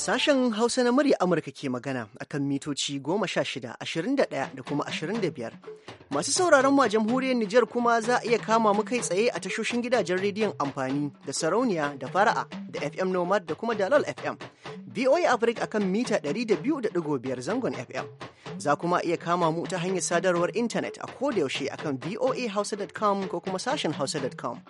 Sashen Hausa na murya Amurka ke magana akan mitoci goma sha shida, ashirin da ɗaya da kuma ashirin da biyar. Masu sauraron a jamhuriyar Nijar kuma za a iya kama mu kai tsaye a tashoshin gidajen rediyon amfani da sarauniya da fara'a da FM Nomad da kuma Dalal FM. VOA Africa akan mita 200.5 zangon FM. Za kuma iya kama mu ta hanyar sadarwar intanet a kodayaushe akan voahausa.com ko kuma sashen hausa.com.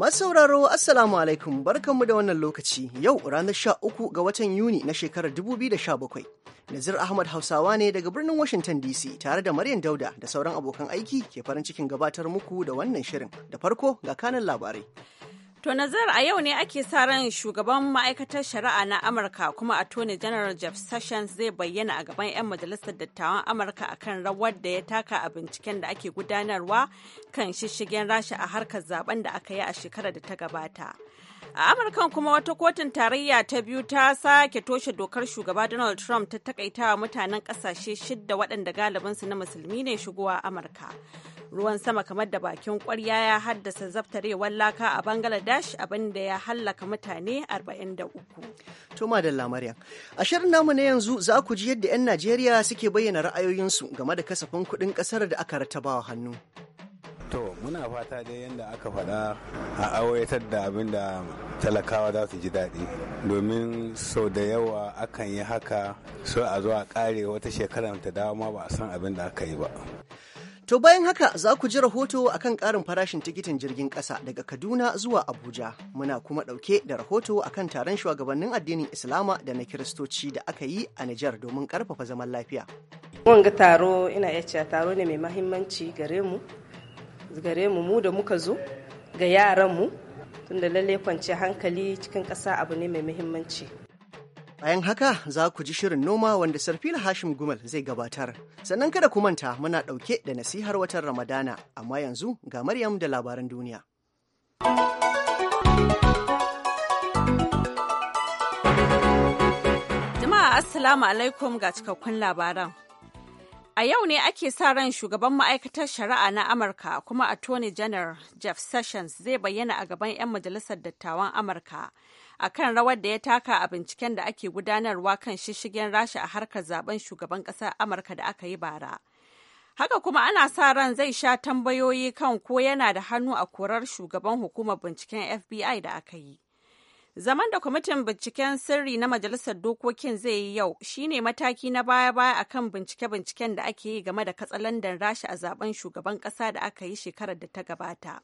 Masu sauraro Assalamu alaikum barkanmu da wannan lokaci yau ranar sha uku ga watan Yuni na shekarar 2017. Nazir Ahmad Hausawa ne daga birnin Washington DC tare da Maryam Dauda da sauran abokan aiki ke farin cikin gabatar muku da wannan shirin. Da farko ga kanan labarai. To nazar a yau ne ake sa ran shugaban ma'aikatar shari'a na Amurka kuma a Attorney General Jeff Sessions zai bayyana a gaban 'yan majalisar dattawan Amurka akan rawar da ya taka a binciken da ake gudanarwa kan shishigen rasha a harkar zaben da aka yi a shekarar da ta gabata. A Amurkan kuma wata kotun tarayya ta biyu ta sake toshe dokar shugaba Donald Trump ta takaitawa mutanen kasashe shidda waɗanda galibinsu na musulmi ne shigowa Amurka. Ruwan sama kamar da bakin ƙwarya ya haddasa zaftarewar laka a Bangladesh abinda ya hallaka mutane 43. to da maryam A shirin namu na yanzu za ku ji yadda 'yan Najeriya suke bayyana ra'ayoyinsu game da kasafin kuɗin ƙasar da aka rataba hannu. to muna fata dai yadda aka faɗa a awayatar da abin da talakawa za su ji daɗi domin sau da yawa akan yi haka so a zo a ƙare wata shekarar ta dawo ma ba a san abin da aka yi ba To bayan haka za ku ji rahoto akan ƙarin farashin tikitin jirgin ƙasa daga Kaduna zuwa Abuja. Muna kuma ɗauke da rahoto akan taron shugabannin addinin Islama da na Kiristoci da aka yi a Nijar domin ƙarfafa zaman lafiya. Wanga taro ina iya taro ne mai mahimmanci gare mu gare mu mu da muka zo ga yaranmu tunda lalle kwance hankali cikin ƙasa abu ne mai muhimmanci. Bayan haka za ku ji shirin noma wanda Sarfila Hashim Gumal zai gabatar. Sannan kada ku manta muna ɗauke da nasihar watan Ramadana, amma yanzu ga Maryam da labaran duniya. Jama'a Assalamu alaikum ga cikakkun labaran. A yau ne ake sa ran shugaban ma'aikatar shari'a na Amurka kuma Attorney General Jeff Sessions zai bayyana a gaban 'yan majalisar dattawan Amurka a kan rawar da ya taka a binciken da ake gudanarwa kan shishigen rasha a harkar zaben shugaban ƙasar Amurka da aka yi bara. Haka kuma ana sa ran zai sha tambayoyi kan ko yana da hannu a korar shugaban hukumar binciken FBI da aka yi. Zaman da kwamitin binciken sirri na Majalisar Dokokin zai yi yau shi ne mataki na baya-baya a kan bincike-binciken da ake yi game da katsalandan rasha a zaben shugaban ƙasa da aka yi shekarar da ta gabata.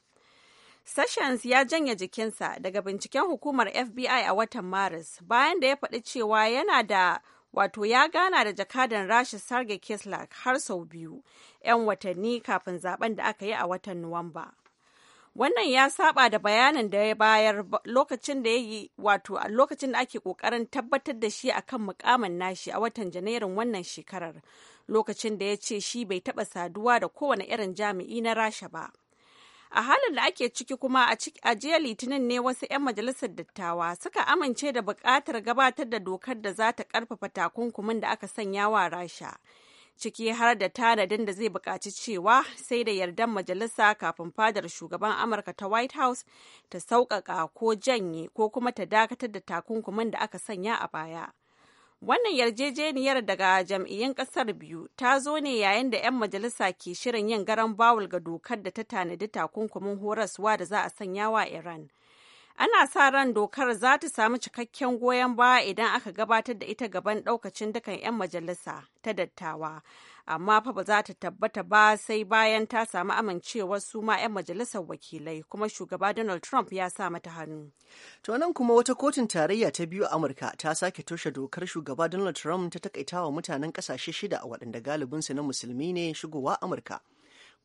Sessions ya janye jikinsa daga binciken hukumar FBI a watan Maris bayan da ya faɗi cewa yana da wato ya gana da jakadan rasha sarge Kislak har sau biyu 'yan watanni kafin zaben da aka yi a watan Nuwamba. Wannan ya saba da bayanin da ya bayar lokacin da ya wato a lokacin da ake kokarin tabbatar da shi akan mukamin nashi a watan Janairun wannan shekarar lokacin da ya ce shi bai taba saduwa da kowane irin jami'i na Rasha ba. a halin da ake ciki kuma a jiya litinin ne wasu 'yan majalisar dattawa suka amince da bukatar gabatar da dokar da za ta ƙarfafa takunkumin da aka sanya wa rasha ciki har da tanadin da zai buƙaci cewa sai da yardan majalisa kafin fadar shugaban amurka ta white house ta sauƙaƙa ko janye ko kuma ta dakatar da takunkumin da aka sanya a baya wannan yarjejeniyar daga jam'iyyun ƙasar biyu ta zo ne yayin da 'yan majalisa ke shirin yin garan bawul ga dokar da ta tanadi takunkumin horaswa da za a sanya wa iran ana sa ran dokar za ta samu cikakken goyon ba idan aka gabatar da ita gaban daukacin dukan 'yan majalisa ta dattawa amma fa ba za ta tabbata ba sai bayan ta samu amincewar su ma 'yan majalisar wakilai kuma shugaba donald trump ya sa mata hannu to nan kuma wata kotun tarayya ta biyu a amurka ta sake toshe dokar shugaba donald trump ta takaitawa mutanen kasashe shida waɗanda galibinsu na musulmi ne shigowa amurka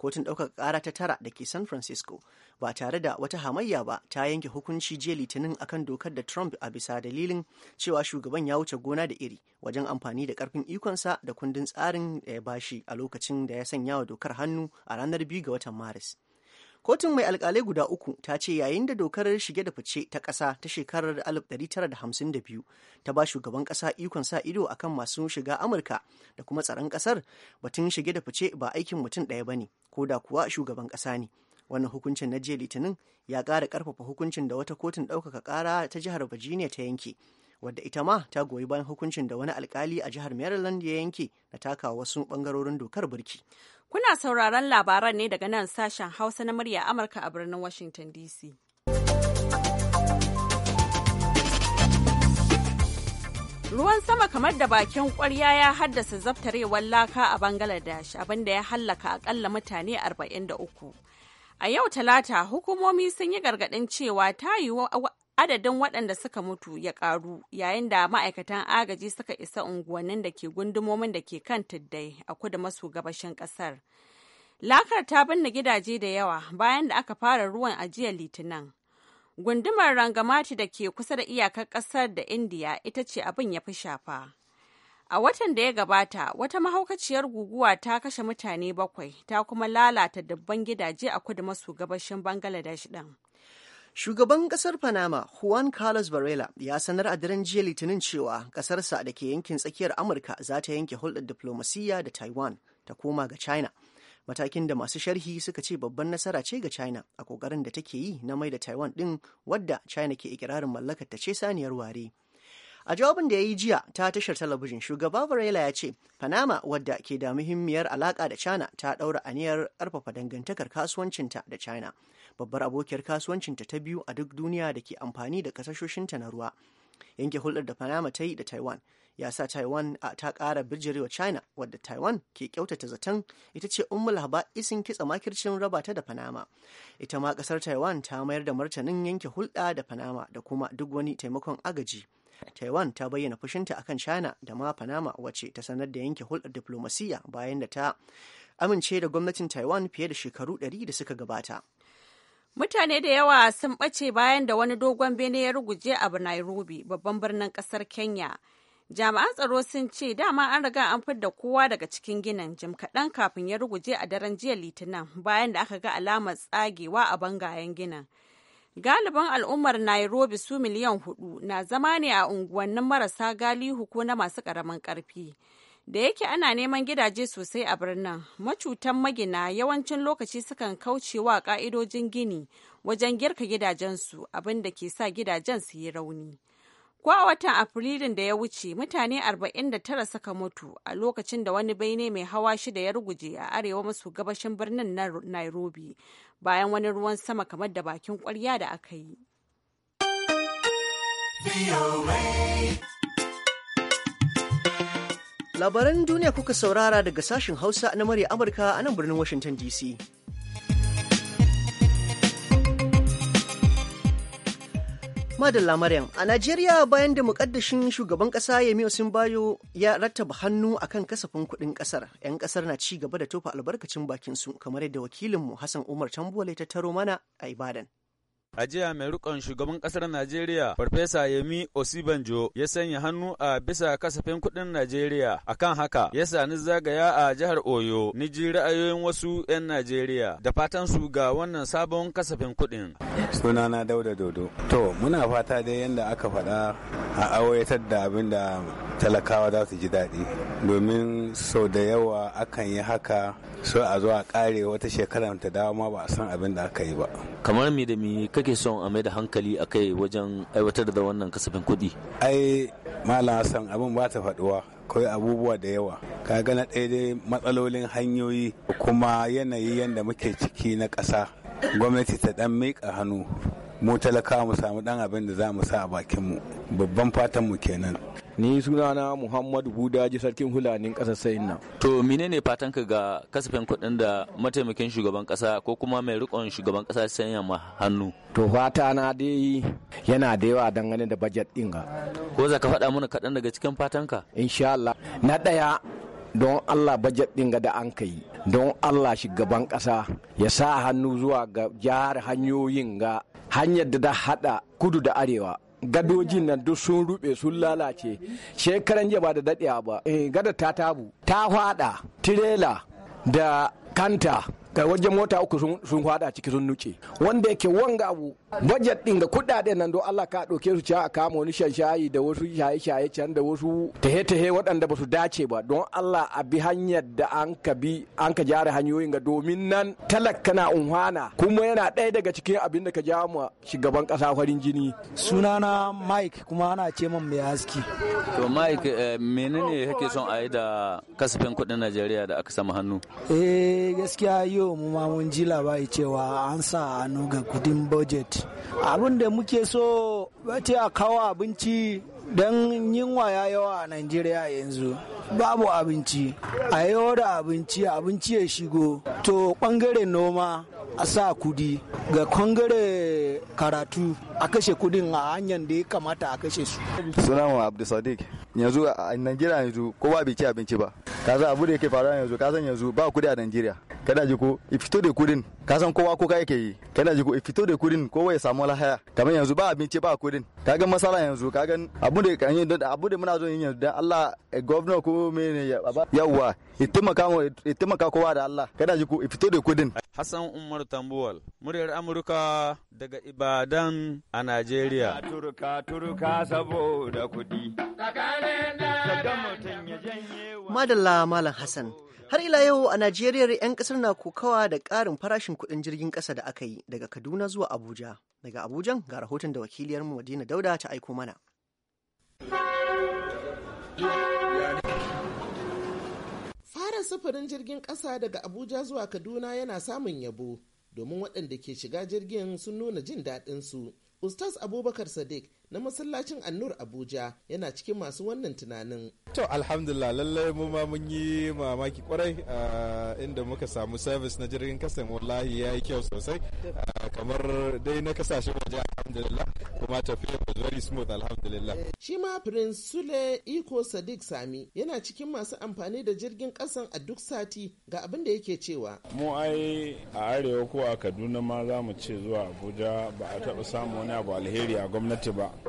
kotun ɗaukar ƙara ta tara da ke san francisco ba tare da wata hamayya ba ta yanke hukunci jiya litinin akan dokar da trump a bisa dalilin cewa shugaban ya wuce gona da iri wajen amfani da ƙarfin ikonsa da kundin tsarin da ya bashi a lokacin da ya sanya wa dokar hannu a ranar biyu ga watan maris kotun mai alkalai guda uku ta ce yayin da dokar shige da fice ta ƙasa ta shekarar 1952 ta ba shugaban ƙasa ikon sa ido akan masu shiga amurka da kuma tsaron ƙasar batun shige da fice ba aikin mutum ɗaya ba ne ko da kuwa shugaban ƙasa ne wannan hukuncin na jiya litinin ya ƙara ƙarfafa hukuncin da wata kotun ɗaukaka ƙara ta jihar virginia ta yanke wadda ita ma ta goyi bayan hukuncin da wani alkali a jihar maryland ya yanke na takawa wasu ɓangarorin dokar birki kuna sauraron labaran ne daga nan sashen hausa na murya amurka a birnin washington dc Ruwan sama kamar da bakin kwarya ya haddasa zabtarewar laka a Bangladesh abinda ya hallaka akalla mutane 43. A yau talata hukumomi sun yi gargadin cewa ta adadin waɗanda suka mutu ya ƙaru yayin da ma'aikatan agaji suka isa unguwannin da ke gundumomin da ke kan tuddai a kudu maso gabashin ƙasar. Lakar ta binne gidaje da yawa bayan da aka fara ruwan a jiya litinin. Gundumar Rangamati da ke kusa da iyakar kasar da Indiya ita ce abin ya fi shafa. A watan da ya gabata, wata mahaukaciyar guguwa ta kashe mutane bakwai ta kuma lalata dabban gidaje a kudu maso gabashin Bangladesh din. Shugaban kasar Panama Juan Carlos Varela ya sanar a daren jiya Litinin cewa kasarsa da ke yankin tsakiyar Amurka za ta yanke hulɗar diplomasiyya da Taiwan ta koma ga China matakin da masu sharhi suka ce babban nasara ce ga china a kokarin da take yi na mai da taiwan din wadda china ke ikirarin mallakar ta ce saniyar ware a jawabin da ya yi jiya ta tashar talabijin shugaba varela ya ce panama wadda ke da muhimmiyar alaka da china ta daura aniyar karfafa dangantakar kasuwancinta da china babbar abokiyar kasuwancinta ta biyu a duk duniya da ke amfani da kasashoshinta na ruwa yanke hulɗar da panama ta yi da taiwan ya sa taiwan ta kara bijirewa china wadda taiwan ke kyautata zaton ita ce ummul isin kitsa makircin raba ta da panama ita ma kasar taiwan ta mayar da martanin yanke hulɗa da panama da kuma duk wani taimakon agaji taiwan ta bayyana fushinta akan china da ma panama wacce ta sanar da yanke hulɗar diplomasiya bayan da ta amince da gwamnatin taiwan fiye da shekaru 100 da suka gabata Mutane da yawa sun ɓace bayan da wani dogon bene ya ruguje a Nairobi, babban birnin ƙasar Kenya, jami'an tsaro sun ce dama an riga an fidda kowa daga cikin ginin jim kaɗan kafin ya ruguje a daren jiya litinin bayan da aka ga alamar tsagewa a bangayen ginin galibin al'ummar nairobi su miliyan hudu na zama ne a unguwannin marasa galihu ko na masu ƙaramin ƙarfi da yake ana neman gidaje sosai a birnin macutan magina yawancin lokaci sukan kauce wa ƙa'idojin gini wajen girka gidajensu abin da ke sa gidajen su yi rauni Ko a watan Afrilun da ya wuce mutane 49 suka mutu a lokacin da wani baine mai hawa shida ya ruguje a arewa maso gabashin birnin Nairobi bayan wani ruwan sama kamar da bakin kwarya da aka yi. Labaran duniya kuka saurara daga sashen Hausa na murya Amurka a nan birnin Washington DC. Madalla Maryam, a Najeriya bayan da mukaddashin shugaban kasa Yemi Osinbajo ya rattaba hannu akan kasafin kuɗin ƙasar, 'yan ƙasar na ci gaba da tofa albarkacin bakin su kamar yadda wakilinmu Hassan Umar tambole ta taro mana a Ibadan. A jiya mai rikon shugaban kasar Najeriya Farfesa Yemi Osibanjo ya sanya hannu a bisa kasafin kuɗin Najeriya. a kan haka ya sani zagaya a jihar Oyo ni ji ra'ayoyin wasu 'yan Najeriya da fatan su ga wannan sabon kasafin kuɗin. Sunana Dauda Dodo. To muna fata dai yadda aka faɗa a awayatar da abin da talakawa za su ji daɗi domin sau da yawa akan yi haka so a zo a ƙare wata shekara ta dawo ba a san abin da aka yi ba kamar me da me kake son a mai da hankali a kai wajen aiwatar da wannan kasafin kuɗi ai malam hassan abin ba ta faɗuwa kawai abubuwa da yawa kaga na ɗaya dai matsalolin hanyoyi kuma yanayi yadda muke ciki na ƙasa gwamnati ta ɗan miƙa hannu mu talaka mu samu dan abin da za mu sa a bakin mu babban fatan mu kenan ni sunana muhammadu budaji sarkin hulanin kasar sayin nan to menene fatan ka ga kasafin kuɗin da mataimakin shugaban kasa ko kuma mai rikon shugaban kasa sanya ma hannu to fata na dai yana da yawa dangane da bajet din ga ko za ka faɗa mana kaɗan daga cikin fatan ka insha Allah na ɗaya don Allah bajet ɗin da an kai don Allah shugaban kasa ya sa hannu zuwa ga jihar hanyoyin ga hanyar da ta hada kudu da arewa gadojin nan duk sun rube sun lalace shekaran jiya ba da dadewa ba eh, gada ta tabu ta hada tirela da kanta ga wajen mota uku sun hada ciki sun nuce wanda yake wanga abu budget din ga kudaden nan don Allah ka dauke su a kama wani shayi da wasu shaye-shaye can da wasu tahe-tahe waɗanda ba su dace ba don Allah a bi hanyar da an ka bi an ka jara hanyoyin ga domin nan talaka na unhana kuma yana ɗaya daga cikin abin da ka ja mu shugaban ƙasa farin jini sunana Mike kuma ana ce min mai haski to Mike eh, menene kake son a yi da kasafin kuɗin Najeriya da aka sama hannu eh gaskiya yau mu ma mun ji labari cewa an sa hannu ga kudin budget abin da muke so wace a kawo abinci don yinwa ya yawa a nigeria yanzu babu abinci a yawa da abinci abinci ya shigo to bangare noma a sa kudi ga kwangare karatu a kashe kudin a hanyar da ya kamata a kashe su sunan abdul sadiq yanzu a Najeriya yanzu kowa bai ci abinci ba ka san abu da yake faruwa yanzu ka san yanzu ba kudi a Najeriya Kada ji ko fito da kudin ka san kowa ko ka yake yi Kada ji ko fito da kudin kowa ya samu lahaya kamar yanzu ba abinci ba kudin ka ga masala yanzu ka ga abu da kan yi abu da muna zo yin yanzu dan Allah eh, governor ko mene ya yawa itimaka itimaka kowa da Allah Kada ji ko fito da kudin Hassan Umar Tambuwal muryar Amurka daga Ibadan a Najeriya Turka turka saboda kudi Madalla Malam Hassan, har ila yau a Najeriya 'yan ƙasar na kokawa da ƙarin farashin kuɗin jirgin ƙasa da aka yi daga Kaduna zuwa Abuja. Daga Abujan ga rahoton da wakiliyarmu Madina Dauda ta aiko mana. Fara sufurin jirgin ƙasa daga Abuja zuwa Kaduna yana samun yabo domin waɗanda ke shiga jirgin sun nuna jin daɗinsu. Ustaz Abubakar Sadiq na masallacin annur abuja yana cikin masu wannan tunanin to alhamdulillah lallai mu ma mun yi mamaki kwarai inda muka samu service na jirgin kasan wallahi ya yi kyau sosai kamar dai na kasashen waje alhamdulillah kuma tafiya was very smooth alhamdulillah shi ma prince sule iko sadiq sami yana cikin masu amfani da jirgin kasan a duk sati ga abin da yake cewa mu ai a arewa ko a kaduna ma zamu ce zuwa abuja ba a taɓa samu wani abu alheri a gwamnati ba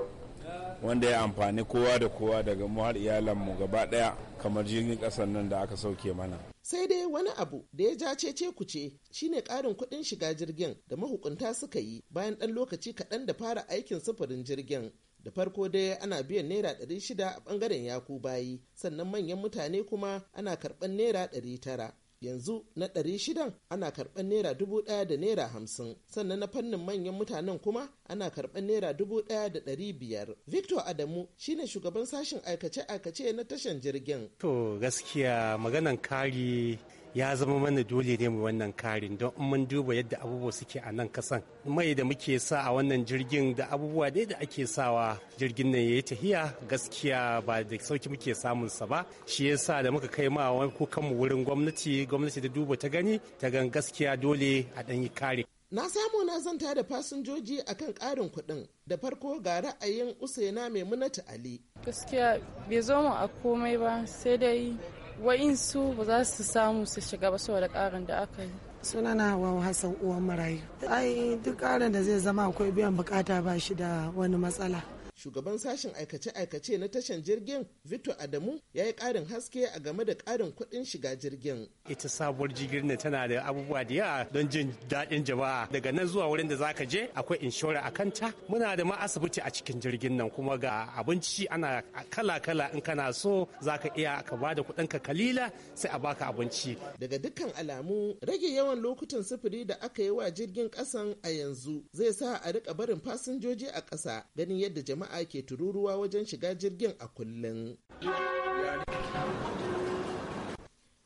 wanda ya amfani kowa da kowa daga mu har iyalanmu gaba ɗaya kamar jirgin ƙasar nan da aka sauke mana. Sai dai wani abu da ya ja cece ce shine ƙarin kuɗin shiga jirgin da mahukunta suka yi bayan ɗan lokaci kaɗan da fara aikin sufurin jirgin. da farko dai ana biyan naira ɗari shida a ɓangaren yaku bayi sannan manyan mutane kuma ana karɓar naira ɗari tara yanzu na ɗari shidan ana karɓar naira dubu ɗaya da naira hamsin sannan na fannin manyan mutanen kuma ana karɓar naira dubu ɗaya da ɗari biyar victor adamu shine shugaban sashen aikace-aikace na tashan jirgin to gaskiya maganan kari ya zama mana dole ne mu wannan karin don in mun duba yadda abubuwa suke a nan kasan mai da muke sa a wannan jirgin da abubuwa dai da ake sawa jirgin nan yi tahiya gaskiya ba da sauki muke samun sa ba shi yasa da muka kai ma kukan mu wurin gwamnati gwamnati da duba ta gani ta gan gaskiya dole a dan yi kare na samu na zanta da fasinjoji akan karin kuɗin da farko ga ra'ayin usaina maimunatu ali gaskiya bai zo mu a komai ba sai dai wa'insu ba za su samu su shiga ba saboda ƙarin da aka yi sunana wa hassan uwan marayu ai duk ƙarin da zai zama akwai biyan bukata ba shi da wani matsala Shugaban sashen aikace-aikace na tashan jirgin Victor Adamu ya yi ƙarin haske a game da ƙarin kuɗin shiga jirgin. Ita sabuwar jirgin ne tana da abubuwa da yawa don jin daɗin jama'a. Daga nan zuwa wurin da zaka je akwai inshora a kanta. Muna da ma asibiti a cikin jirgin nan kuma ga abinci ana kala-kala in kana so zaka iya ka ba da kuɗinka kalila sai a baka abinci. Daga dukkan alamu rage yawan lokutan sufuri da aka yi wa jirgin ƙasan a yanzu zai sa a rika barin fasinjoji a ƙasa ganin yadda jama'a jama'a ke tururuwa wajen shiga jirgin a kullum.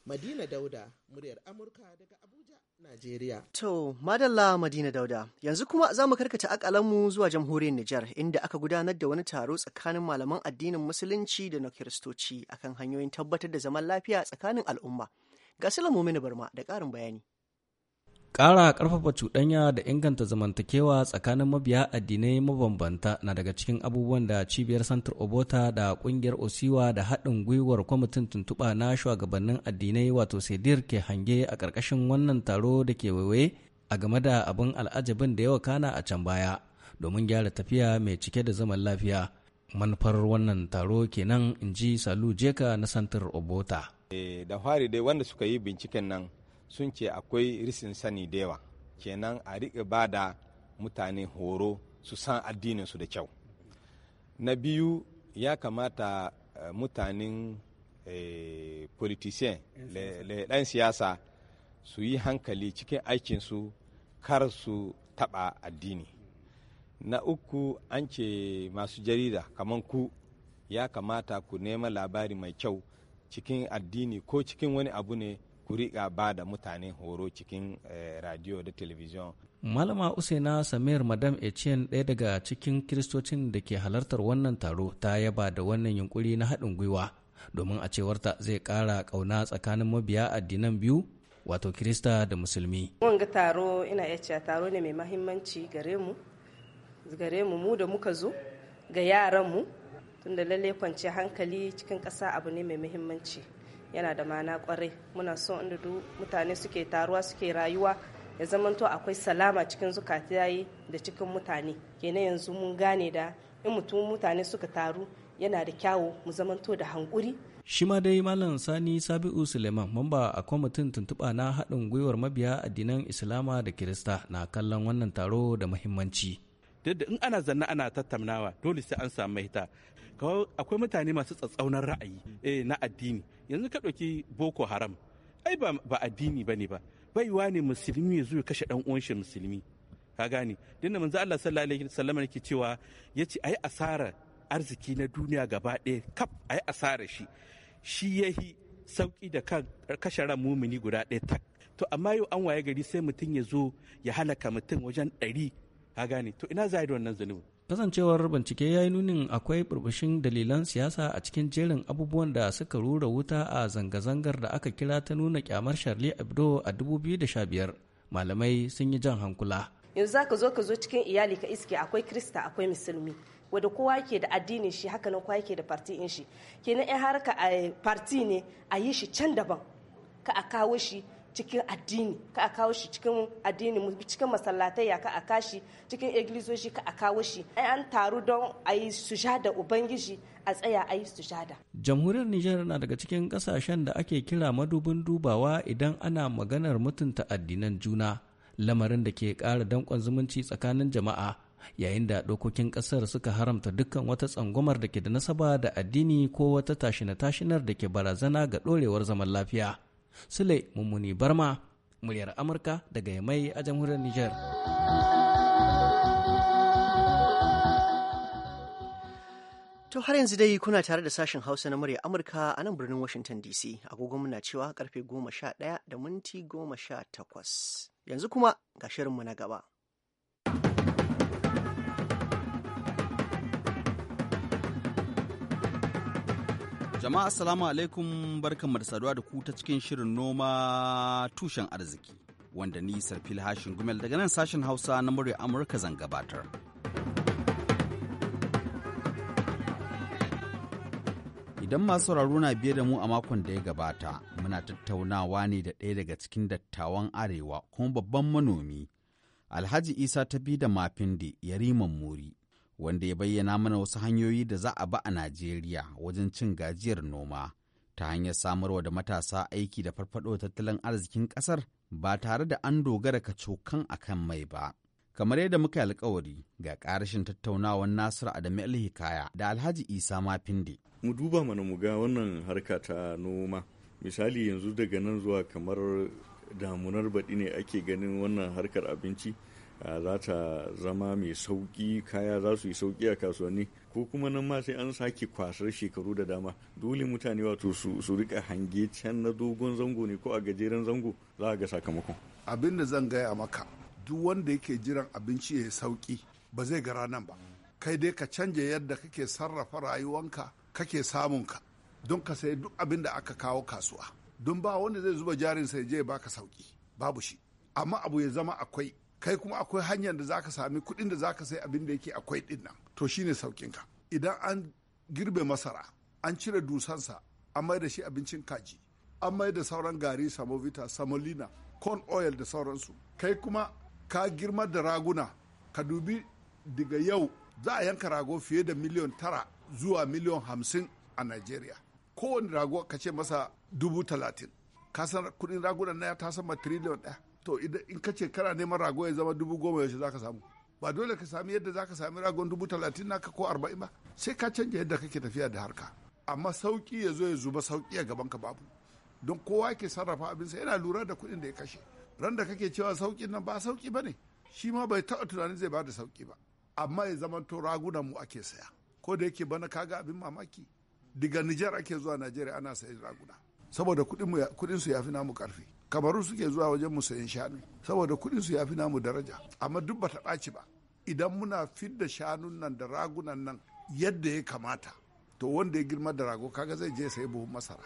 Madina Dauda, muryar Amurka daga Abuja, Najeriya. To, Madalla Madina Dauda, yanzu kuma za mu karkata akalanmu zuwa jamhuriyar Nijar, inda aka gudanar da wani taro tsakanin malaman addinin Musulunci da na Kiristoci akan hanyoyin tabbatar da zaman lafiya tsakanin al'umma. Ga Sulamu Barma da ƙarin bayani. Ƙara ƙarfafa cuɗanya da inganta zamantakewa tsakanin mabiya addinai mabambanta na daga cikin abubuwan da cibiyar Santar Obota da ƙungiyar Osiwa da haɗin gwiwar kwamitin tuntuɓa na shugabannin addinai wato Sedir ke hange a ƙarƙashin wannan taro da ke waiwaye a game da abin al'ajabin da yawa kana a can baya domin gyara tafiya mai cike da zaman lafiya. Manufar wannan taro kenan in ji Salu Jeka na Santar Obota. Eh, da fari dai wanda suka yi binciken nan sun ce akwai risin sani da yawa kenan a riƙe ba da mutane horo su san addininsu da kyau na biyu ya kamata eh, mutanen eh, politician ɗan siyasa su yi hankali cikin aikinsu kar su taɓa addini na uku an ce masu jarida kamar ku ya kamata ku nema labari mai kyau cikin addini ko cikin wani abu ne ku riƙa ba da mutane horo cikin eh, radio da television. Malama Usaina Samir Madam Etienne ɗaya daga cikin kiristocin da ke halartar wannan taro ta yaba da wannan yunkuri na haɗin gwiwa domin a cewarta zai ƙara ƙauna tsakanin mabiya addinan biyu wato Kirista da Musulmi. Wanga taro ina iya cewa taro ne mai mahimmanci gare mu, gare mu mu da muka zo ga yaran mu tunda lalle kwanciyar hankali cikin ƙasa abu ne mai mahimmanci yana da mana kwarai muna so inda duk mutane suke taruwa suke rayuwa ya zamanto akwai salama cikin yayi da cikin mutane kenan yanzu mun gane da in mutum mutane suka taru yana da kyawu mu zamanto da hankuri shi ma dai malam sani sabi'u suleiman mamba a kwamitin tuntuɓa na haɗin gwiwar mabiya addinan islama da kirista na kallon wannan taro da muhimmanci duk in ana zanna ana tattaunawa dole sai an samu mahita akwai mutane masu tsatsaunan ra'ayi eh, na addini yanzu ka ɗauki boko haram ai ba addini ba ne ba baiwa ne musulmi ya zo kashe ɗan uwan shi musulmi ka gane dinda manzo Allah sallallahu alaihi wasallam yake cewa yace ayi asara arziki na duniya gaba ɗaya kaf ayi asara shi shi yahi sauki da kashe ran mumini guda ɗaya tak to amma yau an waye gari sai mutum ya zo ya halaka mutum wajen ɗari ka gane to ina zai da wannan zunubin kasancewar bincike ya yi nunin akwai burbushin dalilan siyasa a cikin jerin abubuwan da suka rura wuta a zanga-zangar da aka kira ta nuna kyamar charlie abdo a 2015 malamai sun yi jan hankula yanzu za ka zo ka zo cikin iyali ka iske akwai krista akwai musulmi wadda kowa ke da addinin shi haka nan kowa ke da parti in shi kenan in harka a eh, parti ne a yi shi can daban ka a kawo shi cikin addini ka a kawo shi cikin addini mu. cikin masallatai ya ka a kashi cikin iglizoshi ka a kawo shi an taru don a yi sujada ubangiji a tsaya a yi sujada jamhuriyar nijar na daga cikin kasashen da ake kira madubin dubawa idan ana maganar mutunta addinan juna lamarin da ke ƙara danƙon zumunci tsakanin jama'a yayin da dokokin ƙasar suka haramta dukkan wata tsangwamar da ke da nasaba da addini ko wata tashina-tashinar da ke barazana ga ɗorewar zaman lafiya. Sule Mummuni Barma, muryar Amurka daga Yamai a jamhuriyar Nijar. To har yanzu dai kuna tare da sashen Hausa na murya Amurka a nan birnin Washington DC. Agogon muna cewa karfe goma sha ɗaya da minti goma sha takwas. Yanzu kuma ga shirinmu na gaba. Jama'a assalamu alaikum barkan da saduwa da ku ta cikin shirin noma tushen arziki wanda ni Sarfil Hashin Gumel daga nan sashen Hausa na murya Amurka zan gabatar. Idan masu sauraro na biye da mu a makon da ya gabata, muna tattaunawa ne da ɗaya daga cikin dattawan Arewa kuma babban manomi, Alhaji Isa ta bi da Mafindi Yariman Muri, wanda ya bayyana mana wasu hanyoyi da za a ba a Najeriya wajen cin gajiyar noma ta hanyar samarwa da matasa aiki da farfaɗo tattalin arzikin ƙasar ba tare da an dogara kacokan a kan mai ba. Kamar yadda muka alkawari ga ƙarashin tattaunawar Nasiru Adamu Alhikaya da Alhaji Isa Mafinde. Mu duba mana mu ga wannan harka ta noma. Misali yanzu daga nan zuwa kamar damunar baɗi ne ake ganin wannan harkar abinci za ta zama mai sauƙi kaya za su yi sauƙi a kasuwanni ko kuma nan ma sai an sake kwasar shekaru da dama dole mutane wato su rika hange can na dogon zango ne ko a gajeren zango za a ga sakamakon abin da zan gaya maka duk wanda yake jiran abinci ya sauƙi ba zai ga ranan ba kai dai ka canja yadda kake sarrafa rayuwanka kake samunka don ka sayi duk abin da aka kawo kasuwa don ba wanda zai zuba jarinsa ya je baka sauki babu shi amma abu ya zama akwai kai kuma akwai hanyar da zaka sami kuɗin da zaka sai abin da yake akwai ɗin nan to shine ka. idan an girbe masara an cire dusansa an mai da shi abincin kaji an mai da sauran gari samovita samolina corn oil da sauransu kai kuma ka girma da raguna ka dubi daga yau za a yanka rago fiye da miliyon tara zuwa miliyon hamsin a nigeria kowane rago ka ce masa dubu talatin kasan kuɗin ragunan na ya tasa ma triliyon ɗaya to in ka ce kana neman rago ya zama dubu goma yaushe za ka samu ba dole ka sami yadda za ka sami ragon dubu talatin naka ko arba'in ba sai ka canja yadda kake tafiya da harka amma sauki ya zo ya zuba sauki a gaban ka babu don kowa ke sarrafa abinsa yana lura da kuɗin da ya kashe ran da kake cewa sauƙin nan ba sauƙi ba ne shi ma bai taɓa tunanin zai ba da sauƙi ba amma ya zama to ragunan mu ake saya ko da yake bana kaga abin mamaki daga Nijar ake zuwa Najeriya ana sayan raguna saboda kuɗin su ya fi namu ƙarfi kamaru suke zuwa wajen mu sayan shanu saboda kuɗin su yafi namu daraja amma duk bata ɓaci ba idan muna fidda shanun nan da ragunan nan yadda ya kamata to wanda ya girma da rago kaga zai je sai buhun masara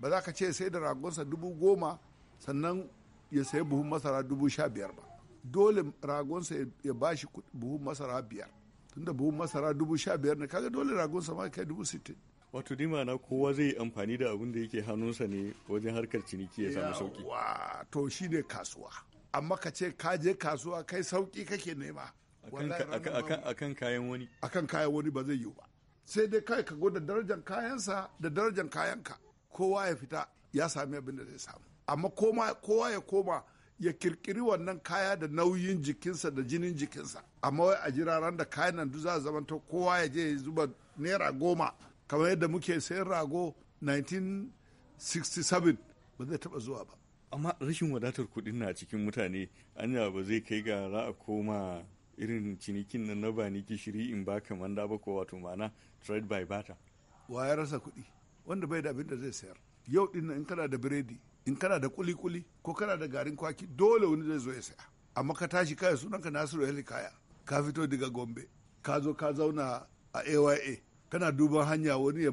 ba za ka ce sai da ragonsa dubu goma sannan ya sayi buhun masara dubu sha biyar ba dole ragonsa ya bashi buhun masara biyar tunda buhu masara dubu sha biyar ne kaga dole ragon sama kai dubu sittin wato dima na kowa zai amfani da abin da yake hannunsa ne wajen harkar ciniki ya samu sauki wato ne kasuwa amma ka ce ka je kasuwa kai sauki kake nema akan kayan wani akan kayan wani ba zai yiwu ba sai dai kai ka gwada darajar kayansa da darajar kayanka kowa ya fita ya sami abin da zai samu amma kowa ya koma ya kirkiri wannan kaya da nauyin jikinsa da jinin jikinsa amma wai a jiraran da kayan nan za ta kowa ya je zuba naira goma kamar yadda muke sayan rago 1967 ba zai taba zuwa ba amma rashin wadatar kuɗin na cikin mutane anya ba zai kai ga za a koma irin cinikin nan na bani gishiri in ba kamar da ba ko wato mana trade by barter wa ya rasa kuɗi wanda bai da abin da zai sayar yau din nan in kana da biredi in kana da kuli-kuli ko kana da garin kwaki dole wani zai zo ya saya amma ka tashi kaya ka nasiru helikaya ka fito daga gombe ka zo ka zauna a aya kana duban hanya wani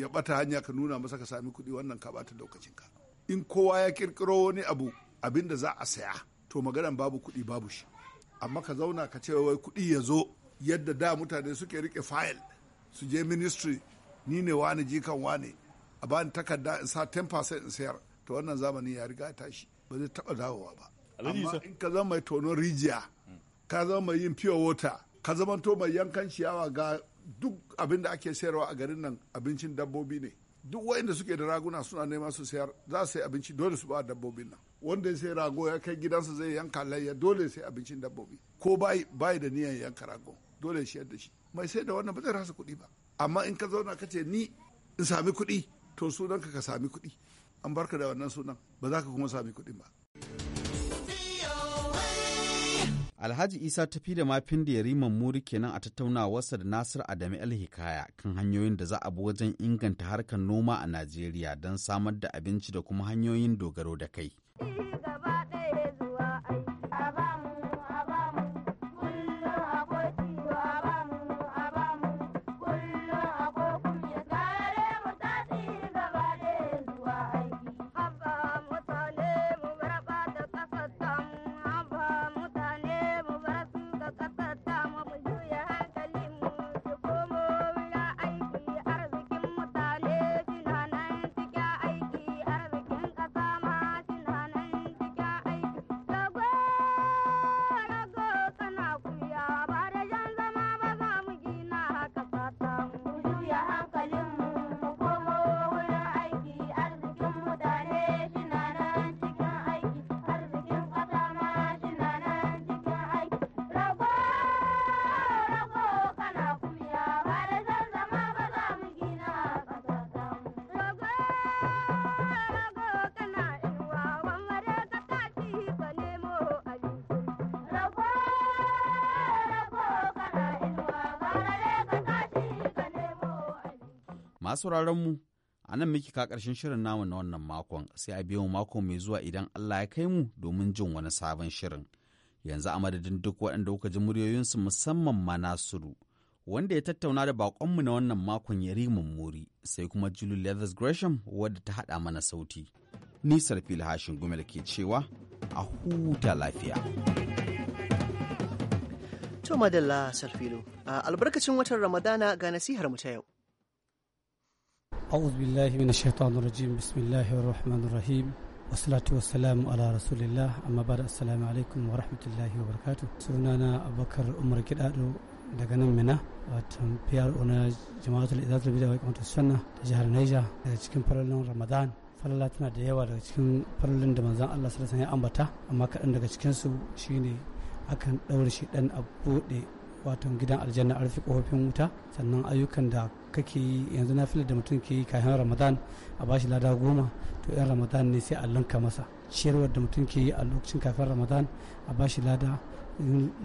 ya bata hanya ka nuna masa ka sami kuɗi wannan ka bata lokacin ka. in kowa ya kirkiro wani abu abin da za a saya to maganan babu kuɗi babu shi amma ka zauna ka ce wai kuɗi ya zo yadda da mutane suke rike fayil su je ministry ni ne wani jikan wani a bani takarda in sa 10% in sayar to wannan zamani ya riga tashi ba zai taba dawowa ba amma in ka zama mai tonon rijiya ka zama mai yin pure water ka zama to mai yankan ciyawa ga duk abin da ake sayarwa a garin nan abincin dabbobi ne duk waɗanda suke da raguna suna nema su sayar za su yi abinci dole su ba dabbobin nan wanda ya sai rago ya kai gidansa zai yanka layya dole sai abincin dabbobi ko bai da niyan yanka rago dole ya shayar da shi mai sai da wannan ba zai rasa kuɗi ba amma in ka zauna ka ce ni in sami kuɗi to sunanka ka sami kuɗi an barka da wannan sunan ba za ka kuma sami kuɗin ba. Alhaji Isa tafi da mafin da Yariman Muri kenan a tattaunawarsa da Nasir Adami Alhikaya kan hanyoyin da za a bi wajen inganta harkar noma a Najeriya don samar da abinci da kuma hanyoyin dogaro da kai. gaba Masu mu a nan miki ka ƙarshen shirin namu na wannan makon sai a biyo mako mai zuwa idan Allah ya kai mu domin jin wani sabon shirin. Yanzu a madadin duk waɗanda kuka ji muryoyinsu musamman ma Nasiru, wanda ya tattauna da baƙonmu na wannan makon ya rimin muri, sai kuma Julie Leathers Gresham wadda ta haɗa mana sauti. ni Nisar hashin gumel ke cewa a huta lafiya. To madalla Sarfilo, albarkacin watan Ramadana ga nasihar mu ta yau. أعوذ بالله من الشيطان الرجيم بسم الله الرحمن الرحيم والصلاة والسلام على رسول الله أما بعد السلام عليكم ورحمة الله وبركاته سنانا أبو بكر عمر كدادو daga nan mina watan PRO na jama'atul idatul bid'a wa iqamatus sunna ta jihar Niger daga cikin farallin Ramadan falala tana da yawa daga cikin farallin da manzan Allah sallallahu ya ambata amma kaɗan daga cikin su shine akan ɗaure shi dan a buɗe watan gidan aljanna a rufe kofofin wuta sannan ayyukan da kake yi yanzu na filar da mutum ke yi kayan ramadan a bashi lada goma to yan ramadan ne sai a masa ciyarwar da mutum ke yi a lokacin kafin ramadan a bashi lada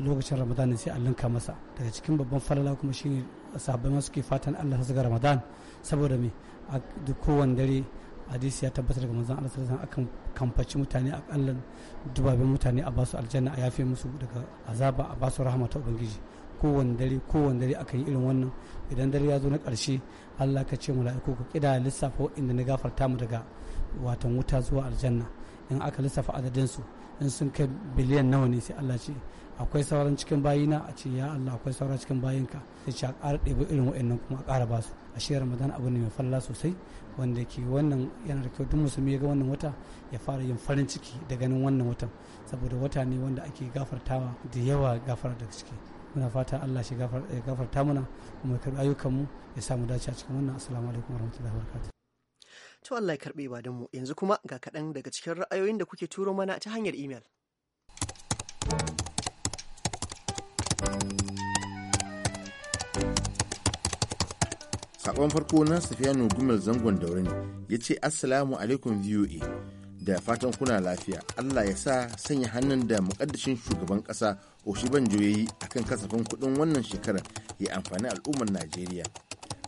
lokacin ramadan ne sai a masa daga cikin babban falala kuma shine sahabbai masu ke fatan allah su ga ramadan saboda me a kowane dare hadisi ya tabbatar daga manzon Allah sallallahu alaihi akan kamfaci mutane a kallon dubabin mutane a basu aljanna a yafe musu daga azaba a basu rahama ta ubangiji kowane dare kowane dare aka yi irin wannan idan dare ya zo na ƙarshe allah ka ce mala'iku ku kida lissafa waɗanda na gafarta mu daga watan wuta zuwa aljanna in aka lissafa su in sun kai biliyan nawa ne sai allah ce akwai sauran cikin bayina a ce ya allah akwai sauran cikin bayinka sai ce a ƙara ɗebo irin waɗannan kuma a ƙara basu a shi ramadan abu ne mai falla sosai wanda ke wannan yana da kyau duk musulmi ya ga wannan wata ya fara yin farin ciki da ganin wannan watan saboda wata ne wanda ake gafartawa da yawa gafara daga ciki muna fata Allah shi gafarta mana kuma karbi ayyukanmu ya samu dace a cikin wannan assalamu alaikum warahmatullahi wabarakatuh to Allah ya karbe ba mu yanzu kuma ga kaɗan daga cikin ra'ayoyin da kuke turo mana ta hanyar imel. sakon farko na safiyanu gumel zangon daure ne ya ce assalamu alaikum voa da fatan kuna lafiya allah ya sa sanya hannun da mukaddashin shugaban kasa oshibanjo ya yi akan kasafin kudin wannan shekarar ya amfani al'ummar najeriya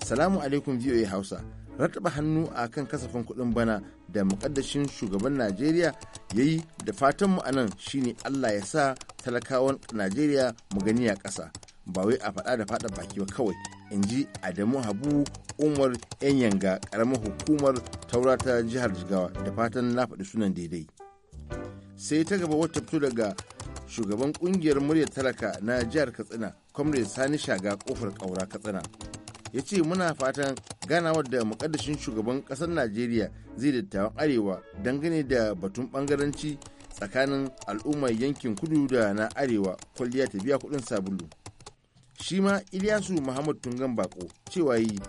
salamu alaikum voa hausa Rataba hannu a kan kasafin kudin bana da mukaddashin shugaban najeriya ya yi da fatanmu a nan shine allah ya sa talakawan najeriya mu gani a ƙasa ba wai a faɗa da faɗa baki ba kawai in ji adamu habu umar yan yanga karamar hukumar taura ta jihar jigawa da fatan na faɗi sunan daidai sai ta gaba wata fito daga shugaban ƙungiyar muryar talaka na jihar katsina kwamre sani shaga kofar ƙaura katsina ya ce muna fatan ganawar da makaddashin shugaban ƙasar najeriya zai dattawan arewa dangane da batun ɓangaranci tsakanin al'ummar yankin kudu da na arewa kwalliya ta biya kuɗin sabulu shi ma ilyasu muhammad tungan bako cewa yi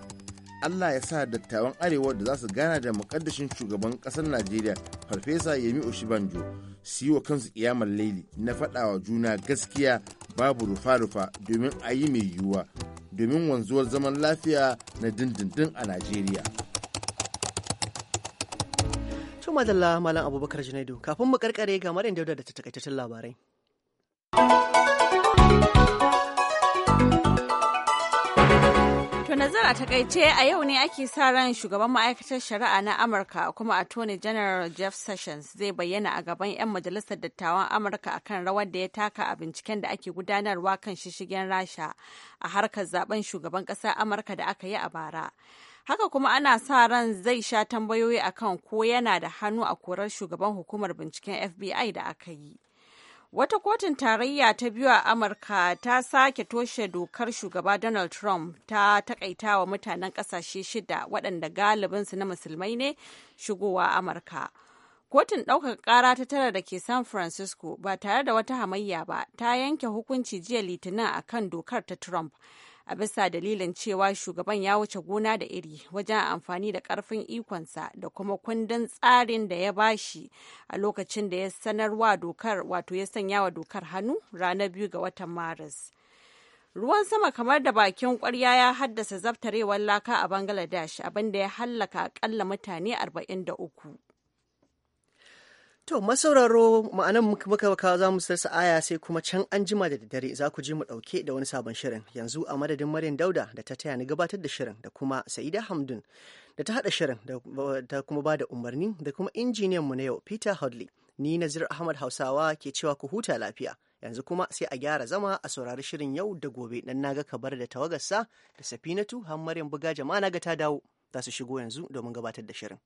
allah ya sa dattawan arewa da za su gana da mukaddashin shugaban kasar najeriya farfesa yemi oshibanjo su yi wa kansu kiyamar laili na faɗawa juna gaskiya babu rufa-rufa domin a yi mai yiwuwa domin wanzuwar zaman lafiya na dindindin a najeriya tun Malam Abubakar Junaidu kafin mu karkare ga marin Dauda da ta tun labarai. To nazara ta kaice a yau ne ake sa ran shugaban ma'aikatar shari'a na Amurka kuma a Attorney General Jeff Sessions zai bayyana a gaban 'yan majalisar dattawan Amurka a kan rawar da ya taka a binciken da ake gudanarwa kan shishigen Rasha a harkar zaben shugaban ƙasar Amurka da aka yi a bara. haka kuma ana sa ran zai sha tambayoyi akan ko yana da hannu a korar shugaban hukumar binciken fbi da aka yi Wata kotun tarayya ta biyu a Amurka ta sake toshe dokar shugaba Donald Trump ta takaita wa mutanen kasashe shida waɗanda su na musulmai ne shigowa Amurka. Kotun ɗaukar ƙara ta tara da ke San Francisco ba tare da wata hamayya ba ta yanke hukunci jiya Litinin a kan dokar ta Trump a bisa dalilin cewa shugaban ya wuce gona da iri wajen amfani da karfin ikonsa da kuma kundin tsarin da ya bashi a lokacin da ya sanarwa dokar wato ya sanya wa dokar hannu ranar biyu ga watan maris ruwan sama kamar da bakin kwarya ya haddasa zaftarewar laka a bangladesh abinda ya hallaka akalla mutane 43 To masauraro ma'anan muka kawo za mu sarsa aya sai kuma can an jima da daddare za ku ji mu ɗauke da wani sabon shirin yanzu a madadin Maryam Dauda da ta taya ni gabatar da shirin da kuma Sa'ida Hamdun da ta haɗa shirin da kuma ba da umarni da kuma injiniyan mu na yau Peter Hudley ni Nazir Ahmad Hausawa ke cewa ku huta lafiya yanzu kuma sai a gyara zama a saurari shirin yau da gobe dan naga bar da tawagarsa da Safinatu har Maryam Buga jama'a ga ta dawo za su shigo yanzu domin gabatar da shirin.